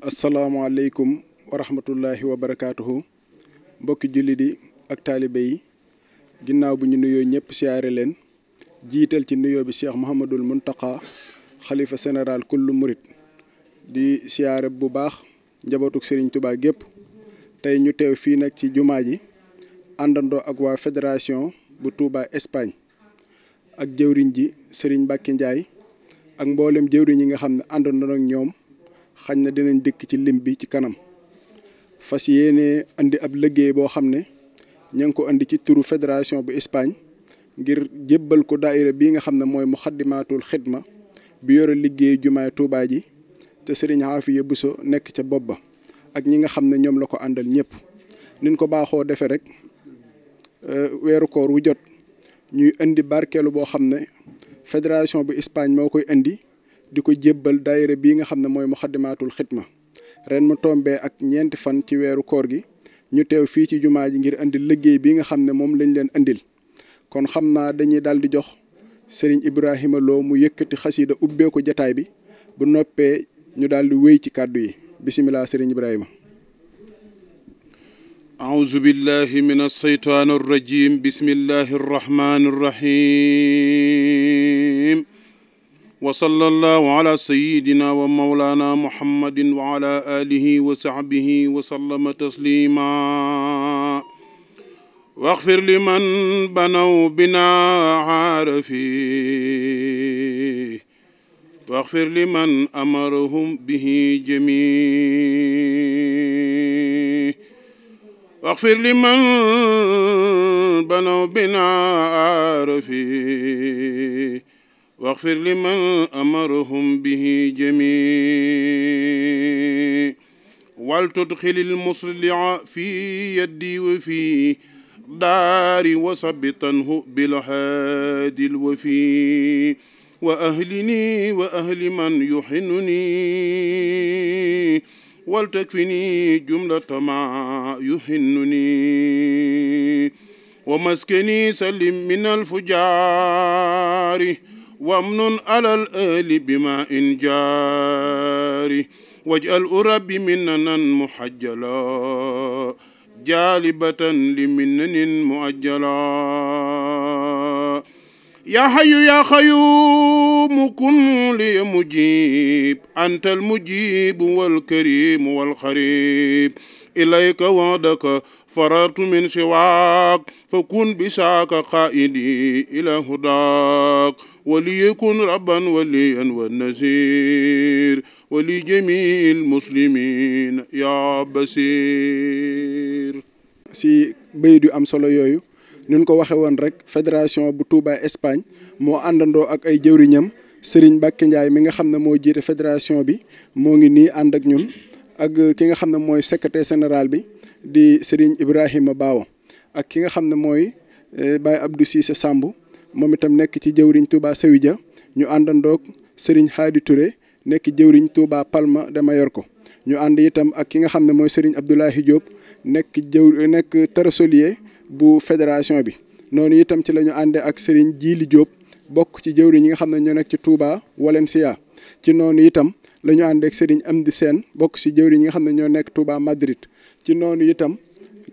asalaamaaleykum wa rahmatullahi wa mbokki jullit yi ak taalibe yi ginnaaw bu ñu nuyoo ñëpp siyaare leen jiital ci nuyoo bi cheikh Mouhamadul Mountakha xalifa général kullu murit di siyaare bu baax njabootuk Serigne Touba gépp tey ñu teew fii nag ci jumaa ji àndandoo ak waa fédération bu Touba Espagne ak jëwriñ ji sëriñ Mbacke Ndiaye ak mboolem jëwriñ yi nga xam ne àndandoo ak ñoom. xañ na dinañ dikk ci lim bi ci kanam fas yéene indi ab liggéey boo xam ne ña ngi ko indi ci turu fédération bu Espagne ngir jébbal ko daaira bii nga xam ne mooy muxaddimaatul xidma bi yore liggéey jumaay Tuubaa ji te Serigne Xaafiya Buso nekk ca bopp ba ak ñi nga xam ne ñoom la ko àndal ñëpp niñ ko baaxoo defee rek euh, weeru koor wu jot ñuy indi barkeelu boo xam ne fédération bu Espagne moo koy indi di ko jébbal daayira bii nga xam ne mooy muxaddamaatul xidma ren mu tombee ak ñeenti fan ci weeru koor gi ñu teew fii ci jumaa ji ngir indi liggéey bi nga xam ne moom lañ leen indil kon xam naa dañuy daal di jox sëriñ Ibrahima Lo mu yëkkati xasida ubbee ko jataay bi bu noppee ñu daal di wéy ci kàddu yi bisimilah sëriñ Ibrahima أعوذ بالله من الشيطان الرجيم بسم الله wa sallallahu ala sayyidina wa mawlana muhammadin wa ala alihi wa sahbihi wa sallama taslima واغفر لمن بنوا بنا عارفي واغفر لمن أمرهم به جميع واغفر لمن بنوا بنا عارفي واغفر لمن أمرهم به جميع ولتدخل المصلع في يدي وفي داري وثبتنه بالهادي الوفي وأهلني وأهل من يحنني ولتكفني جملة ما يحنني ومسكني سلم من الفجار وامن على الآل بما إن جاري واجعل أربي مننا محجلا جالبة لمنن مؤجلا يا حي يا خيوم كن لي مجيب أنت المجيب والكريم والخريب إليك وعدك فررت من سواك فكن بساك قائدي إلى هداك وليكن ربا وليا والنزير ولجميع المسلمين يا بصير si bayit yu am solo yooyu nun ko waxe woon rek fédération bu Touba Espagne moo àndandoo ak ay jëwriñam Serigne Mbacke Ndiaye mi nga xam ne moo jiite fédération bi moo ngi nii ànd ak ñun ak ki nga xam ne mooy secrétaire général bi di Serigne Ibrahima Baawo ak ki nga xam ne mooy eh, Baye Abdou Cissé Sambou moom itam nekk ci jëwriñ Touba Sewija ñu àndandoog Serigne Hadi Touré nekk jëwriñ Touba Palma de Mayorko ñu ànd itam ak ki nga xam ne mooy Serigne Abdoulahi jóob nekk jëw nekk trésorier bu fédération bi noonu itam ci la ñu àndee ak Serigne Djili Diop bokk ci jëwriñ yi nga xam ne ñoo nekk ci Touba Valencia ci noonu itam la ñu àndee ak Serigne Amdi Sène bokk ci jëwriñ yi nga xam ne ñoo nekk Touba Madrid ci noonu itam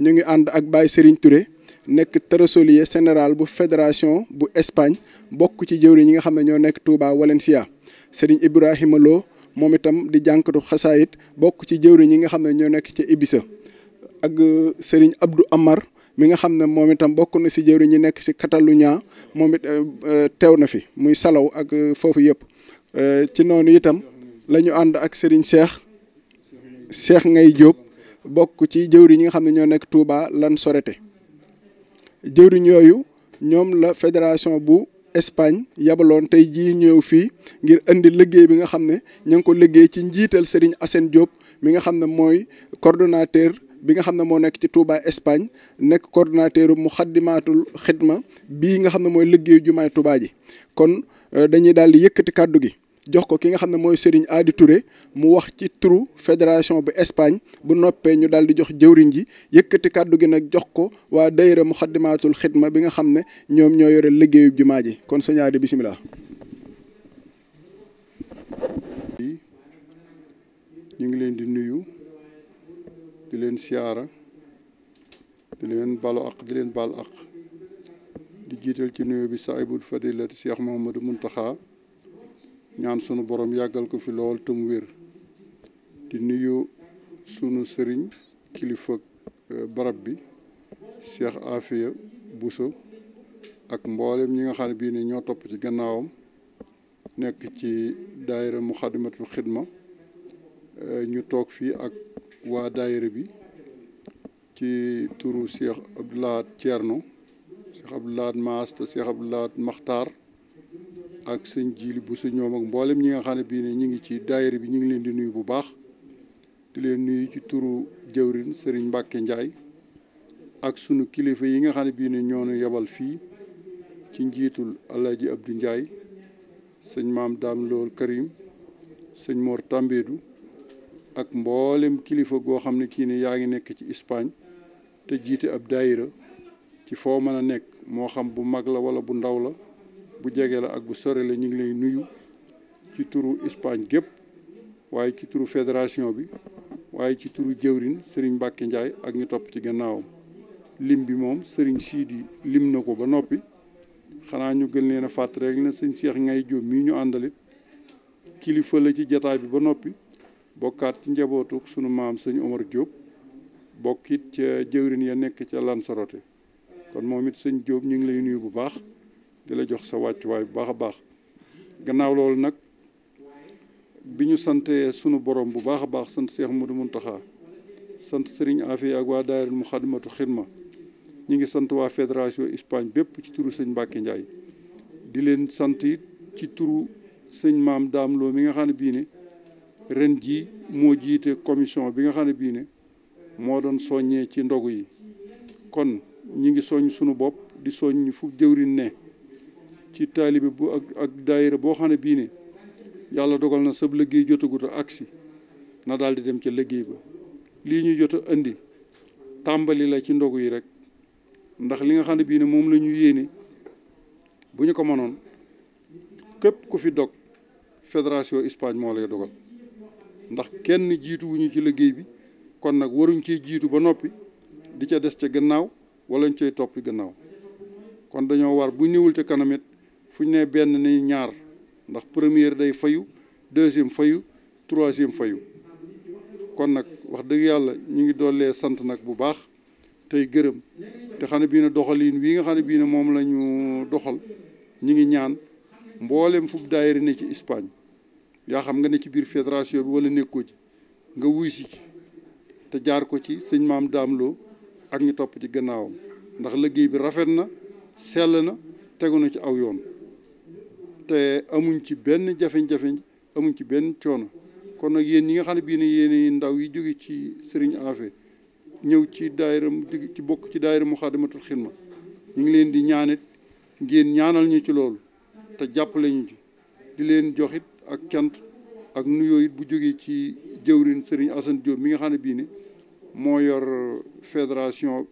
ñu ngi ànd ak Baye Serigne Touré. nekk trésorier général bu fédération bu Espagne bokk ci jëwri ñi nga xam ne ñoo nekk Touba Valencia Serigne Ibrahima Lo moom itam di jànkatu xasaayit bokk ci jëwri ñi nga xam ne ñoo nekk ci Ibisa ak euh, Serigne Abdou Amar mi nga xam ne moom itam bokk na si jëwri ñi nekk si Catalunya moom it euh, euh, teew na fi muy Salaw ak foofu yëpp ci noonu itam la ñu ànd ak Serigne Cheikh Cheikh Ngay Diop bokk ci jëwri ñi nga xam ne ñoo nekk tuuba lan sorete jëwriñ yooyu ñoom la fédération bu Espagne yabaloon tey jii ñëw fii ngir indi liggéey bi nga xam ne ña ngi ko liggéey ci njiital Serigne Assane Diop mi nga xam ne mooy coordonnateur bi nga xam ne moo nekk ci Touba Espagne nekk coordonnateur mu xaddimaatul xidma bii nga xam ne mooy liggéey jumaay Touba ji kon euh, dañuy daal di yëkkati kàddu gi. jox ko ki nga xam ne mooy Serigne Adi Touré mu wax ci turu fédération bu Espagne bu noppee ñu daal di jox jëwriñ ji yëkkati kàddu gi nag jox ko waa dayra Muxaddamaatul Xidma bi nga xam ne ñoom ñoo yore liggéeyu jumaa ji kon Serigne Adi bisimilah. ñu ngi leen di nuyu di leen siyaara di leen balu ak di leen bal ak di jiital ci nuyu bi saahibul fadilati Cheikh Mouhamadou Mountakha ñaan sunu boroom yàggal ko fi lool te wér di nuyu sunu sëriñ kilifa euh, barab bi Cheikh Afia Bousso ak mboolem ñi nga xam ne bii nii ñoo topp ci gannaawam nekk ci daayira Muxaddamatul Xidma euh, ñu toog fii ak waa daayira bi ci turu Cheikh Abdoulaye Thierno Cheikh Abdoulaye Maas te Cheikh Abdoulaye ak sëñ Jili Bousso ñoom ak mboolem ñi nga xam ne bii ne ñu ngi ci daayira bi ñu ngi leen di nuyu bu baax di leen nuyu ci turu jëwrin sëriñ Mbacke njaay ak sunu kilifa yi nga xam ne bii ne ñoo nu yebal fii ci njiitul Alaaji Abdou njaay sëñ maam Dame Lool Karim sëñ Mor Tambédou ak mboolem kilifa goo xam ne kii ne yaa ngi nekk ci Espagne te jiite ab daayira ci foo mën a nekk moo xam bu mag la wala bu ndaw la. bu jege la ak bu sore la ñu ngi lay nuyu ci turu Espagne gépp waaye ci turu fédération bi waaye ci turu jëwrin Serigne Mbacke Ndiaye ak ñu topp ci gannaawam lim bi moom Serigne Sidi lim na ko ba noppi xanaa ñu gën leen a fàtt rek na sëñ Cheikh Ngay Diop mii ñu àndalit kilifa la ci jataay bi ba noppi bokkaat ci njabootu sunu maam sëñ Omar jóob bokkit ca jëwrin ya nekk ca Lanzarote kon moom it sëñ Diop ñu ngi lay nuyu bu baax di la jox sa wàccuwaay bu baax a baax gannaaw loolu nag bi ñu santee sunu borom bu baax a baax sant Cheikh Modou Mountakha sant Serigne Afia ak waa daayira Muxaddamatul Xidma ñi ngi sant waa fédération Espagne bépp ci turu sëñ Mbacke Ndiaye di leen sant it ci turu sëñ maam Dame Lo mi nga xam ne bii ne ren jii moo jiite commission bi nga xam ne bii ne moo doon soññee ci ndogu yi kon ñi ngi soññ sunu bopp di soññ fu jëwriñ ne ci taalibe bu ak ak daayira boo xam ne bii ne yàlla dogal na sab liggéey jotagut a agsi na daal di dem ca liggéey ba lii ñu jot a indi tàmbali la ci ndogu yi rek ndax li nga xam ne bii ne moom la ñu yéene bu ñu ko mënoon képp ku fi dog fédération Espagne moo lay dogal ndax kenn jiituwuñu ci liggéey bi kon nag waruñ cee jiitu ba noppi di ca des ca gannaaw wala ñu cay toppi gannaaw kon dañoo war bu ñëwul ca kanam fu ñu nee benn ni ñaar ndax première day fayu deuxième fayu troisième fayu kon nag wax dëgg yàlla ñu ngi doolee sant nag bu baax tey gërëm te xam ne bii ne doxalin wii nga xam ne bii ne moom lañu doxal ñu ngi ñaan mboolem fu daayira ni ci Espagne yaa xam nga ne ci biir fédération bi wala nekkoo ci nga wuy si ci te jaar ko ci sëñ maam daamloo ak ñu topp ci gannaawam ndax liggéey bi rafet na sell na tegu na ci aw yoon te amuñ ci benn jafeñ-jafeñ amuñ ci benn coono kon nag yéen ñi nga xam ne bii ne yéen ndaw yi jóge ci Serigne Afe ñëw ci daayira ci bokk ci daayira Muxaddamatul Xidma ñu ngi leen di ñaanit ngeen ñaanal ñu ci loolu te jàppale ñu ci di leen joxit ak cant ak nuyoo bu jógee ci jëwrin Serigne Assane Diop mi nga xam ne bii ne moo yor fédération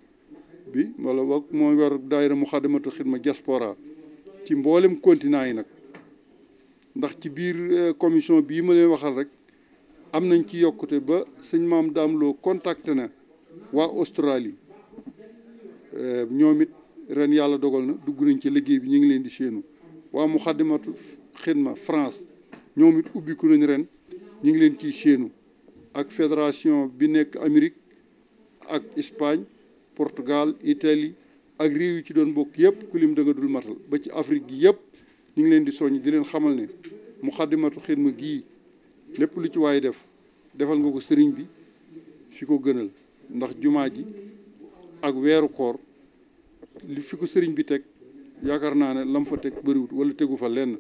bi wala wa moo yor daayira Muxaddamatul Xidma jaspora ci mboolem continent yi nag ndax ci biir euh, commission bii ma leen waxal rek am nañ ci yokkute ba sëñ maam Dame Lo contacté na waa Australie euh, ñoom it ren yàlla dogal na dugg nañ ci liggéey bi ñu ngi leen di séenu waa mu xaddimatu ma France ñoom it ubbiku nañ ren ñu ngi leen ciy séenu ak fédération bi nekk Amérique ak Espagne Portugal Italie ak réew yi ci doon bokk yëpp ku lim da nga dul matal ba ci Afrique gi yëpp ñu ngi leen di soññ di leen xamal ne muxaddamatu xidma gii lépp lu ci waay def defal nga ko sëriñ bi fi ko gënal ndax jumaa ji ak weeru koor li fi ko sëriñ bi teg yaakaar naa ne lam fa teg bariwut wala tegu fa lenn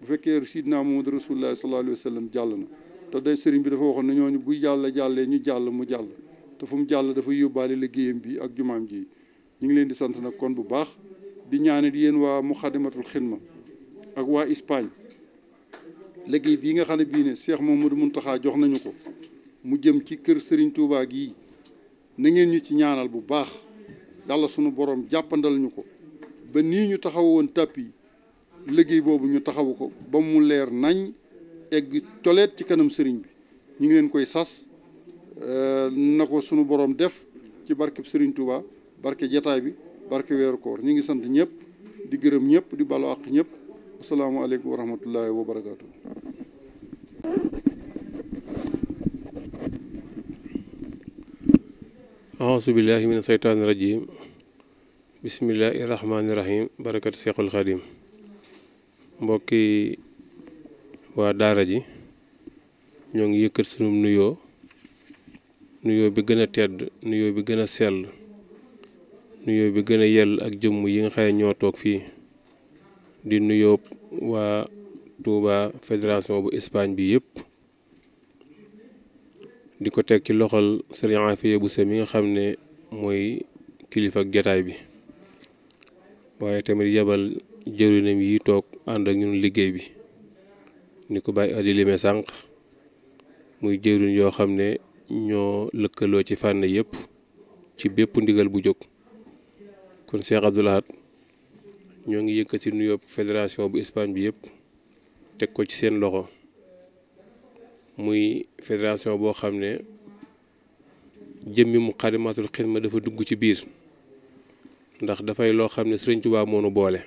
bu fekkee sidna Muhammad rasulullah sallallahu alayhi wa sallam jàll na te day sëriñ bi dafa waxoon ne ñooñu buy jàll jàllee ñu jàll mu jàll te fu mu jàll dafa yóbbaale liggéeyam bi ak jumaam ji ñu ngi leen di sant nag kon bu baax di ñaanit yéen waa muxaddamatul xidma ak waa Espagne liggéey bii nga xam ne bii ne moom Cheikh mun Mountakha jox nañu ko mu jëm ci kër Serigne Touba gii na ngeen ñu ci ñaanal bu baax yàlla sunu boroom jàppandal ñu ko ba nii ñu taxaw woon yi liggéey boobu ñu taxawu ko ba mu leer nañ egg toleet ci kanam sëriñ bi ñu ngi leen koy sas euh, na ko sunu borom def ci barkeb Serigne Touba barke jataay bi barke weeru koor ñu ngi sant ñëpp di gërëm ñëpp di balu àq ñëpp. asalaamaaleykum wa rahmatullahi wa barakaatu. aousu billahi min seytaani rajim rahmaani rahim barakat seexul xadim mbokki waa daara ji ñoo ngi yëkkat sunum nuyoo nuyoo bi gën a tedd nuyoo bi gën a sell nuyoo bi gën a yell ak jëmm yi nga xam ñoo toog fii di nuyoo waa Touba fédération bu Espagne bi yëpp di ko teg ci loxol sëriñ Afiya bu sa mi nga xam ne mooy kilifa ak jataay bi waaye tamit yabal jëwrinam yi toog ànd ak ñun liggéey bi ni ko bàyyi addi lime sànq muy jëwrin yoo xam ne ñoo lëkkaloo ci fànn yëpp ci bépp ndigal bu jóg kon Cheikh Abdoul Ahad ñoo ngi yëkkati nuyoo fédération bu Espagne bi yëpp teg ko ci seen loxo muy fédération boo xam ne jëmmi mu xadimatul ma dafa dugg ci biir ndax dafay loo xam ne Sëriñ Tuubaa moo nu boole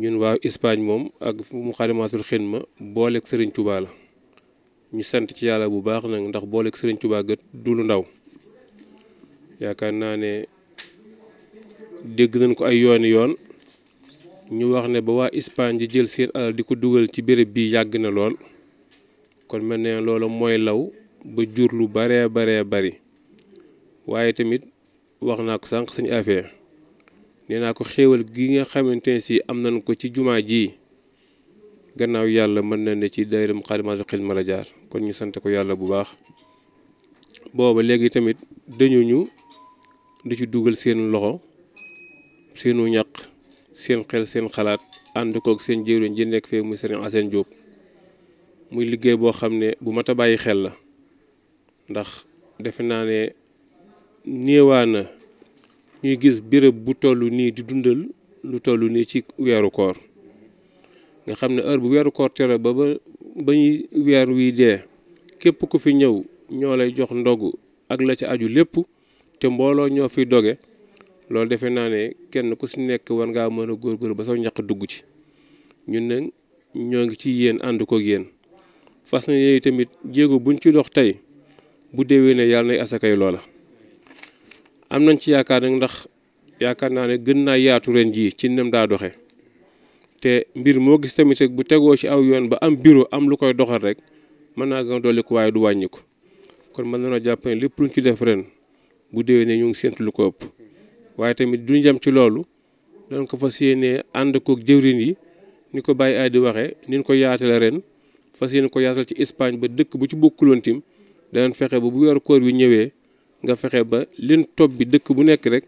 ñun waa Espagne moom ak mu xadimatul ma booleek Sëriñ Tuubaa la ñu sant ci yàlla bu baax nag ndax booleeg Sëriñ Tuubaa gët du lu ndaw yaakaar naa ne. dégg nañ ko ay yoon yoon ñu wax ne ba waa Espagne di jël seen alal di ko dugal ci béréb bi yàgg na lool kon mel ne loola mooy law ba jur lu baree baree bari waaye tamit wax naa ko sànq sañ affaire nee naa ko xéewal gi nga xamante ne si am nañ ko ci jumaa ji gannaaw yàlla mën na ne ci dayrum xaadimaatul xidma la jaar kon ñu sante ko yàlla bu baax booba léegi tamit dañu ñu di ci dugal seen loxo seenu ñaq seen xel seen xalaat ànd koog seen jëwriñ ji nekk fee muy sëriñ Assane Diop muy liggéey boo xam ne bu mat a bàyyi xel la ndax defe naa ne néewaana ñuy gis béréb bu toll nii di dundal lu toll nii ci weeru koor nga xam ne heure bu weeru koor tere ba ba ba ñuy weer wii dee képp ku fi ñëw ñoo lay jox ndogu ak la ci aju lépp te mbooloo ñoo fi doge loolu defe naa ne kenn ku si nekk war ngaa mën a góorgóorlu ba sax ñaq dugg ci ñun nag ñoo ngi ci yéen ànd koog yéen fas na yéen tamit jéego buñ ci dox tey bu déwee ne yàlla nay asakay loola. am nañ ci yaakaar nag ndax yaakaar naa ne gën naa yaatu ren jii ci nem daa doxe te mbir moo gis tamit rek bu tegoo ci aw yoon ba am bureau am lu koy doxal rek mën naa gën a ko waaye du wàññiku kon mën nañoo jàpp ne lépp luñ ci def ren bu déwee ne ñu ngi séntu lu ko ëpp. waaye tamit duñ jam ci loolu dañ ko fas yéenee ànd kook jëwrin yi ni ko Baye di waxee ni ko yaatale ren fas yéene ko yaatal ci Espagne ba dëkk bu ci bokkuloon tiim danañ fexe ba bu weeru koor wi ñëwee nga fexe ba leen topp bi dëkk bu nekk rek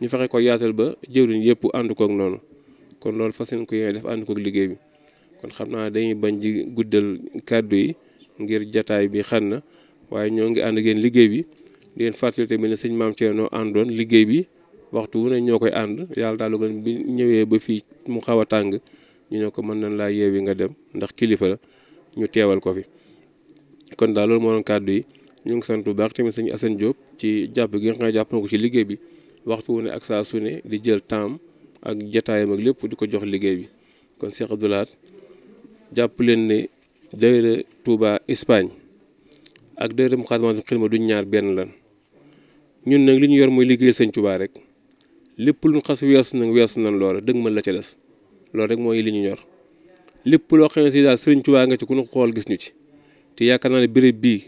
ñu fexe ko yaatal ba jëwriñ yëpp ànd kook noonu kon loolu fas yéene ko yéene def ànd kook liggéey bi kon xam naa dañuy bañ ji guddal kàddu yi ngir jataay bi xan na waaye ñoo ngi ànd ngeen liggéey bi di leen fàttali ne sëñ maam Thierno àndoon liggéey bi waxtu wu ne ñoo koy ànd yàlla daal dogal bi ñëwee ba fii mu xaw a tàng ñu ne ko mën nañ laa yeewi nga dem ndax kilifa la ñu teewal ko fi kon daal loolu moo doon kàddu yi ñu ngi sant bu baax tamit sëñ Assane Diop ci jàpp gi nga xam ne jàpp ko ci liggéey bi waxtu wu ne ak saa su di jël temps ak jataayam ak lépp di ko jox liggéey bi kon Cheikh Abdou jàpp leen ne daayira Touba Espagne ak daayira Moukhaddamatoul Khidma duñ ñaar benn lan ñun nag li ñu yor mooy liggéey sëñ Touba rek lépp luñ xas weesu nag weesu nañ loola dëgg ma la ca des loolu rek mooy li ñu ñor lépp loo xam ne si daal sëriñ Tuubaa nga ci ku ñu xool gis ñu ci te yaakaar naa ne béréb bii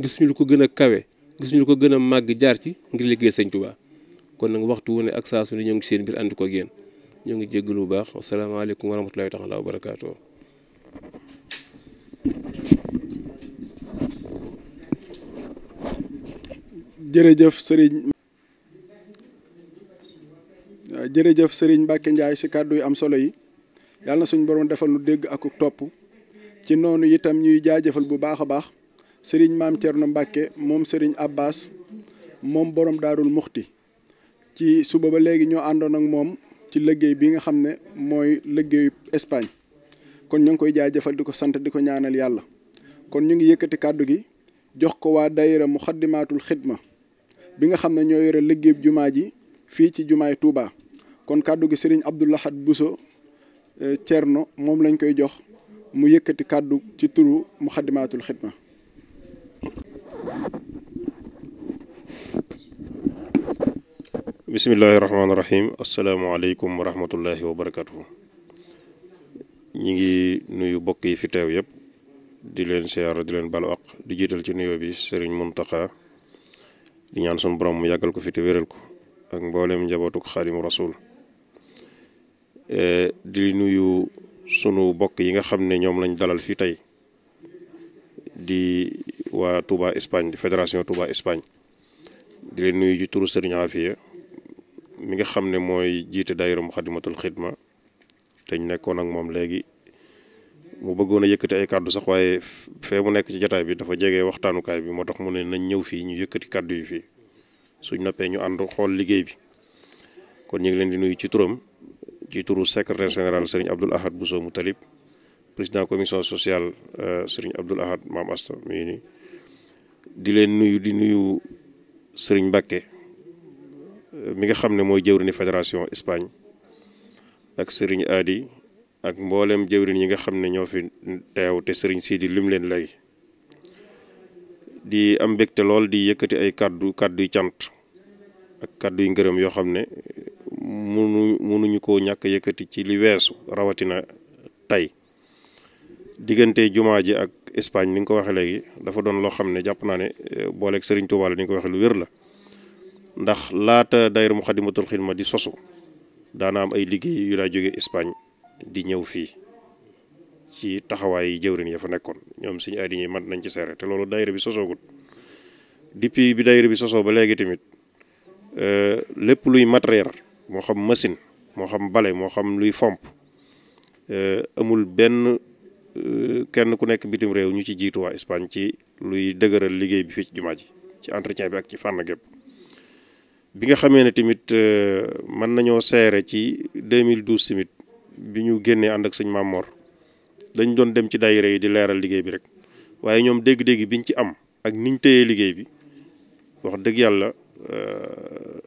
gisuñu lu ko gën a kawe gisuñu lu ko gën a màgg jaar ci ngir liggéey sëriñ Tuubaa kon nag waxtu wu ne ak saa su ne ñoo ngi seen biir ànd ko génn ñoo ngi jégg lu baax asalaamaaleykum wa rahmatulahi taala wa barakaatu jërëjëf sëriñ Euh, jërëjëf Serigne Mbacke Ndiaye si kàddu yu am solo yi yàlla na suñu borom defal nu dégg ak topp ci noonu itam ñuy jaajëfal bu baax a baax Serigne maam Thierno Mbacke moom Serigne Abbas moom borom daarul muxti ci suba ba léegi ñoo àndoon ak moom ci liggéey bi nga xam ne mooy liggéeyu Espagne kon ñu ngi koy jaajëfal di ko sant di ko ñaanal yàlla kon ñu ngi yëkkati kàddu gi jox ko waa dayira mu xaddimaatul xidma bi nga xam ne ñoo yore liggéey jumaa ji fii ci jumaay Touba kon kàddu gi sëriñ Abdou Lahad Bousso eh, Thierno moom lañ koy jox mu yëkkati kàddu ci turu Muxaddamaatul Xidma bisimillahi rahmaani rahim asalaamaaleykum wa ngi nuyu bokk yi fi yëpp di leen siyaara di leen balu di jiital ci nuyoo bi sëriñ Muntaxa di ñaan sun borom mu yàggal ko fi te wéral ko ak Eh, di nuyu sunu bokk yi nga xam ne ñoom lañ dalal fii tey di waa Touba Espagne di fédération Touba Espagne di leen nuyu ci turu Serigne Afia mi nga xam ne mooy jiite daayira Muxaddamatul Xidma te ñu nekkoon ak moom léegi mu bëggoon a yëkkati ay kàddu sax waaye fee mu nekk ci jataay bi dafa jege waxtaanukaay bi moo tax mu ne nañ ñëw fii ñu yëkkati kàddu yi fii suñ noppee ñu ànd xool liggéey bi kon ñu ngi leen di nuyu ci turam. ci turu secrétaire général Serigne Abdoul Ahad mu Moutalib président commission sociale euh, Serigne Abdoul Ahad Maam Asta mii nii di leen nuyu di nuyu Serigne Mbacke euh, mi nga xam ne mooy jëwriñu fédération Espagne ak Serigne Adi ak mboolem jëwriñ yi nga xam ne ñoo fi teew te Serigne Sidi limu leen lay di am mbégte lool di yëkkati ay kàddu kàddu yu cant ak kàddu ngërëm yoo xam ne munu munuñu koo ñàkk yëkkati ci li weesu rawatina tey diggante jumaa ji ak Espagne ni nga ko waxee léegi dafa doon loo xam ne jàpp naa ne eh, booleeg Serigne Touba la ni nga ko waxee lu wér la ndax laata daayira Muxaddamatul Xidma di sosu daana ay liggéey yu daa jóge di ñëw fii ci taxawaay yi jëwrin ya fa nekkoon ñoom suñu aadi yi mat nañ ci seere te loolu daayira bi sosoogul depuis bi daayira bi sosoo ba léegi tamit eh, lépp luy matériel moo xam machine moo xam bale moo xam luy fomp euh, amul benn euh, kenn ku nekk bitim réew ñu ci jiitu waa Espagne ci luy dëgëral liggéey bi fii ci jumaa ji ci entretien bi ak ci fànn gépp bi nga xamee ne tamit euh, mën nañoo seere ci mille 2012 tamit bi ñu génnee ànd ak sëñ Mamor dañ doon dem ci daayira yi di leeral liggéey bi rek waaye ñoom dégg-dégg biñ ci am ak niñ téyee liggéey bi wax dëgg yàlla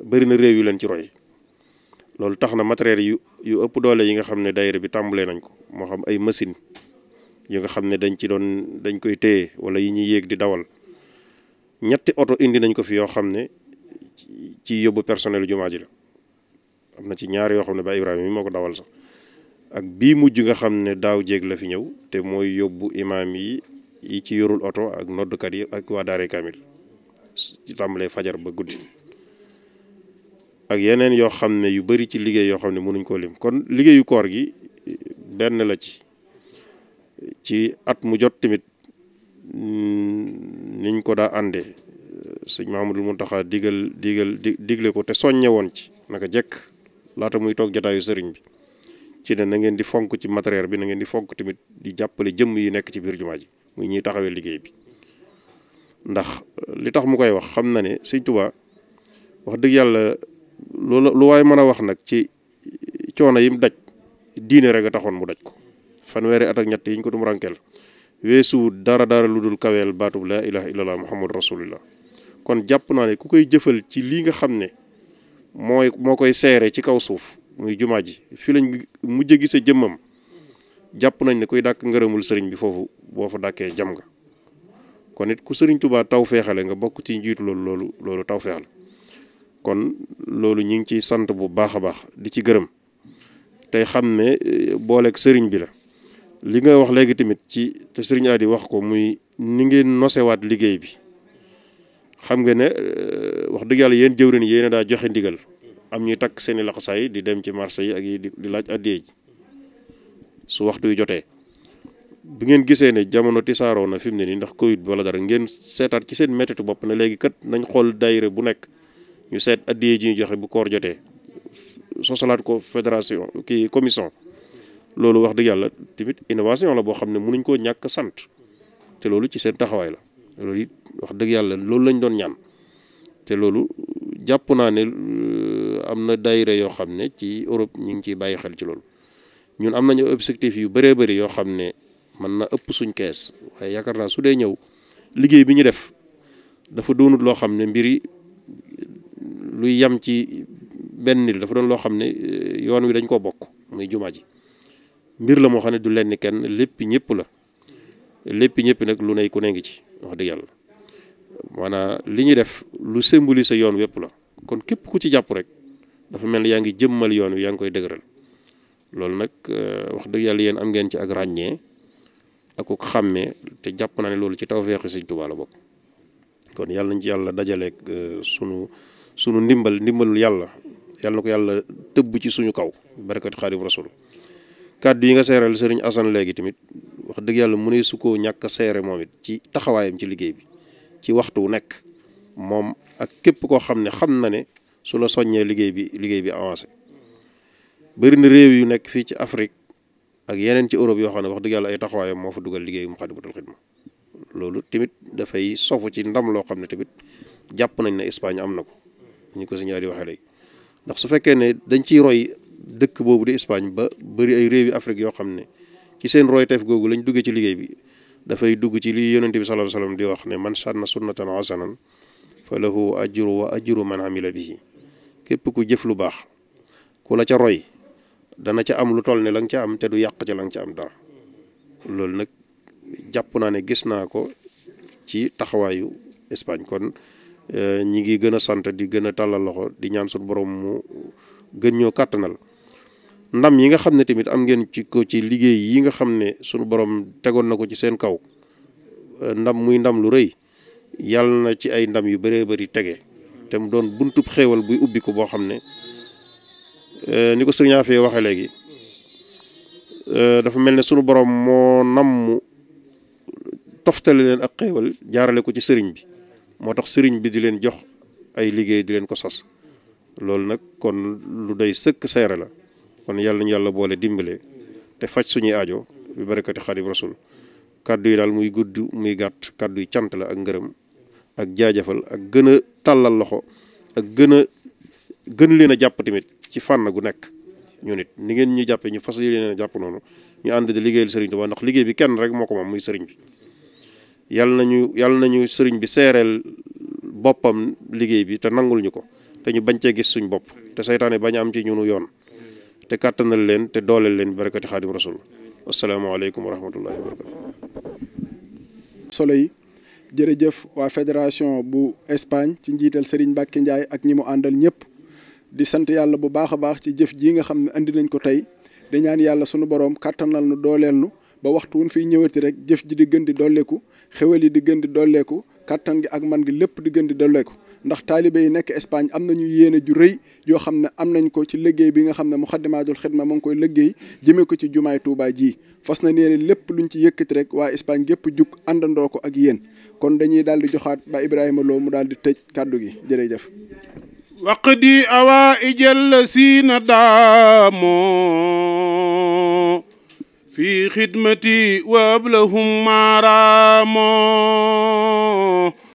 bari na réew yu leen ci roy loolu tax na matériel yu yu ëpp doole yi nga xam ne daayira bi tàmbalee nañ ko moo xam ay machine yu nga xam ne dañ ci doon dañ koy téye wala yi ñuy yéeg di dawal ñetti oto indi nañ ko fi yoo xam ne ci yóbbu personnel jumaa la am na ci ñaar yoo xam ne ba Ibrahima yi moo ko dawal sax ak bii mujj nga xam ne daaw jéeg la fi ñëw te mooy yóbbu imaam yi yi ci yorul oto ak noddkat yi ak waa daare kaamil ci tàmbalee fajar ba guddi ak yeneen yoo xam ne yu bari ci liggéey yoo xam ne mënuñ koo lim kon liggéeyu koor gi benn la ci ci at mu jot tamit mm, niñ ko daa àndee sëñ Mahamadul Muntaxa digal digal digle ko te soññe woon ci naka jekk laata muy toog jotaayu sëriñ bi ci ne na ngeen di fonk ci matériel bi na ngeen di fonk tamit di jàppale jëmm yi nekk ci biir jumaa ji muy ñiy taxawee liggéey bi ndax li tax mu koy wax xam na ne sëñ Tuubaa wax dëgg yàlla loolu lu waay mën a wax nag ci coono yim daj diine rek a taxoon mu daj ko fanweeri at ak ñett yiñ ko dum rànkeel weesu dara dara lu dul kaweel baatub laa ilaha illallah muhammadu rasulillah kon jàpp naa ne ku koy jëfal ci lii nga xam ne mooy moo koy seere ci kaw suuf muy jumaa ji fi lañ mujj gi sa jëmmam jàpp nañ ne kuy dàkk ngërëmul sëriñ bi foofu boo fa dàkkee jam nga kon it ku sëriñ tubaa taw feexale nga bokk ci njiitu loolu loolu loolu taw feexal kon loolu ñu ngi ciy sant bu baax a baax di ci gërëm tey xam ne eh, booleek sëriñ bi la li ngay wax léegi tamit ci te sëriñ Adi wax ko muy ni ngeen nosewaat liggéey bi xam nga ne eh, wax dëgg yàlla yéen jëwrin yéen a daa joxe ndigal am ñuy takk seeni laxasaay di dem ci marché yi ak yi di laaj àddiyee ji su waxtu yu jotee bi ngeen gisee ne jamono tisaaroo na fi mu ne nii ndax Covid bi wala dara ngeen seetaat ci seen méttitu bopp ne léegi kat nañ xool daayira bu nekk ñu seet addiye ji ñu joxe bu koor jotee sosalaat ko fédération kii commission loolu wax dëgg yàlla tamit innovation la boo xam ne mënuñ koo ñàkk sant te loolu ci seen taxawaay la loolu it wax dëgg yàlla loolu lañ doon ñaan te loolu jàpp naa ne euh, am na daayira yoo xam ne ci Europe ñu ngi ciy bàyyi xel ci loolu ñun am nañu objectif yu bëree bëri yoo xam ne mën na ëpp suñ kees waaye yaakaar naa su dee ñëw liggéey bi ñu def dafa doonut loo xam ne mbiri lu yem ci benn nit dafa doon loo xam ne euh, yoon wi dañ koo bokk muy jumaa ji mbir la moo xam ne du lenn kenn lépp ñëpp la lépp ñëpp nag lu nekk ku ne ngi ci wax dëgg yàlla maanaam li ñuy def lu symboliser yoon wépp la kon képp ku ci jàpp rek dafa mel ni yaa ngi jëmmal yoon wi yaa ngi koy dëgëral loolu nag euh, wax dëgg yàlla yéen am ngeen ci ak ràññee ak ko xàmmee te jàpp naa ne loolu ci tawfeexu Sëñ Tuubaa la bokk kon yàlla nañ ci yàlla dajaleeg euh, sunu sunu ndimbal ndimbalul yàlla yàlla na ko yàlla tëbb ci suñu kaw barkatu xaadim rasul kàddu yi nga seeral sëriñ Assane léegi tamit wax dëgg yàlla mu ne su koo ñàkk a seere moom it ci taxawaayam ci liggéey bi ci waxtu wu nekk moom ak képp koo xam ne xam na ne su la soññee liggéey bi liggéey bi avancé bëri na réew yu nekk fii ci Afrique ak yeneen ci Europe yoo xam ne wax dëgg yàlla ay taxawaayam moo fa dugal liggéey mu xadimatul xidma loolu tamit dafay sofu ci ndam loo xam ne tamit jàpp nañ ne Espagne am na ko ñu ko signalé waxee léegi ndax su fekkee ne dañ ciy roy dëkk boobu di Espagne ba bëri ay réewi Afrique yoo xam ne ci seen roy teef googu lañ duggee ci liggéey bi dafay dugg ci li yonente bi sallallahu alayhi di wax ne man sànna sunnatan hasanan fa lahu ajru wa ajru man amila bihi képp ku jëf lu baax ku la ca roy dana ca am lu toll ne la nga ca am te du yàq ca la nga ca am dara lool nag jàpp naa ne gis naa ko ci taxawaayu Espagne kon Eh, ñi ngi gën a sant di gën a tàllal loxo di ñaan suñu borom mu gën ñoo kàttanal ndam yi nga xam ne tamit am ngeen ci ko ci liggéey yi nga xam ne suñu borom tegoon na ko ci seen kaw eh, ndam muy ndam lu rëy yàlla na ci ay ndam yu bëree bari tege te mu doon buntub xéewal buy ubbi ko boo xam ne eh, ni ko sëriñ Afee waxee léegi dafa mel ne sunu borom moo namm toftale leen ak xéewal jaarale ko ci sëriñ bi moo tax sëriñ bi di leen jox ay liggéey di leen ko sos loolu nag kon lu doy sëkk seere la kon yàlla ñu yàlla boole dimbale te faj suñuy aajo bi barakati xaadim rasul kàddu yi daal muy gudd muy gàtt kàddu yi cant la ak ngërëm ak jaajëfal ak gën a tàllal loxo ak gën a gën leen a jàpp tamit ci fànn gu nekk ñu nit ni ngeen ñu jàppee ñu fas yéene leen a jàpp noonu ñu ànd di liggéeyal sëriñ Tuubaa ndax liggéey bi kenn rek moo ko moom muy sëriñ bi yal nañu yal nañu sëriñ bi seereel boppam liggéey bi te nangul ñu ko te ñu bañ cee gis suñ bopp te seytaane bañ am ci ñunu yoon te kàttanal leen te dooleel leen barakati xaadim rasul asalaamaaleykum wa rahmatullahi wa solo yi jërëjëf waa fédération bu Espagne ci njiital Serigne Mbacke Ndiaye ak ñi mu àndal ñëpp di sant yàlla bu baax a baax ci jëf ji nga xam ne indi nañ ko tey di ñaan yàlla sunu borom kàttanal nu dooleel nu ba waxtu wuñ fiy ñëwati rek jëf ji di gën di dolleeku xewal yi di gën di dolleeku kattan gi ak man gi lépp di gën di dolleeku ndax taalibe yi nekk Espagne am nañu yéene ju rëy yoo xam ne am nañ ko ci liggéey bi nga xam ne Muxaddamaatul Xidma moo ngi koy liggéey jëmee ko ci jumaay Tuubaa ji fas na nee lépp lu luñ ci yëkkati rek waa Espagne gépp jug àndandoo ko ak yéen kon dañuy daal di joxaat ba Ibrahima Lo mu daal di tëj kàddu gi jërëjëf waqdi awaa ijël siina daamoo fi xidmati wa ablahum maaraamoo